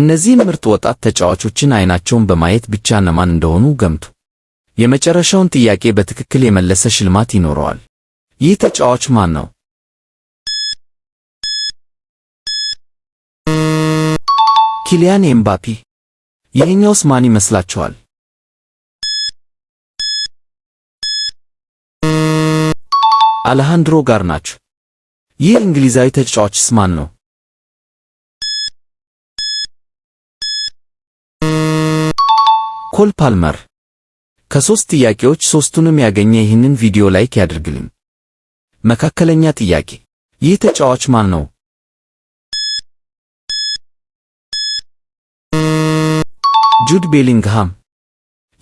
እነዚህም ምርጥ ወጣት ተጫዋቾችን አይናቸውን በማየት ብቻ እነማን እንደሆኑ ገምቱ። የመጨረሻውን ጥያቄ በትክክል የመለሰ ሽልማት ይኖረዋል። ይህ ተጫዋች ማን ነው? ኪሊያን ኤምባፔ። ይህኛውስ ማን ይመስላችኋል? አለሃንድሮ ጋርናቾ። ይህ እንግሊዛዊ ተጫዋችስ ማን ነው? ኮል ፓልመር ከሶስት ጥያቄዎች ሶስቱንም ያገኘ ይህንን ቪዲዮ ላይክ ያድርግልን። መካከለኛ ጥያቄ፣ ይህ ተጫዋች ማን ነው? ጁድ ቤሊንግሃም።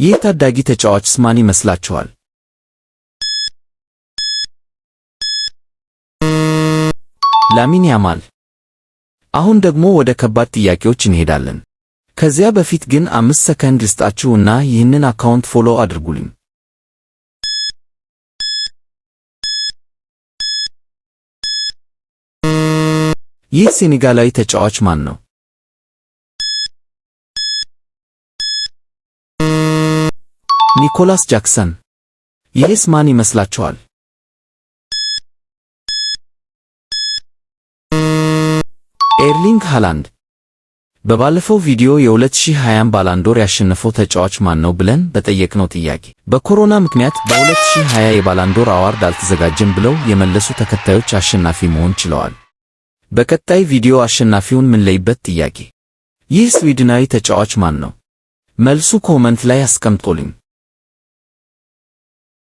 ይህ ታዳጊ ተጫዋችስ ማን ይመስላችኋል? ላሚን ያማል። አሁን ደግሞ ወደ ከባድ ጥያቄዎች እንሄዳለን። ከዚያ በፊት ግን አምስት ሰከንድ ልስጣችሁና እና ይህንን አካውንት ፎሎ አድርጉልኝ። ይህ ሴኔጋላዊ ተጫዋች ማን ነው? ኒኮላስ ጃክሰን። ይህስ ማን ይመስላችኋል? ኤርሊንግ ሃላንድ። በባለፈው ቪዲዮ የ2020 ባላንዶር ያሸነፈው ተጫዋች ማን ነው ብለን በጠየቅነው ጥያቄ በኮሮና ምክንያት በ2020 የባላንዶር አዋርድ አልተዘጋጀም ብለው የመለሱ ተከታዮች አሸናፊ መሆን ችለዋል። በቀጣይ ቪዲዮ አሸናፊውን ምንለይበት ጥያቄ ይህ ስዊድናዊ ተጫዋች ማን ነው? መልሱ ኮመንት ላይ አስቀምጦልኝ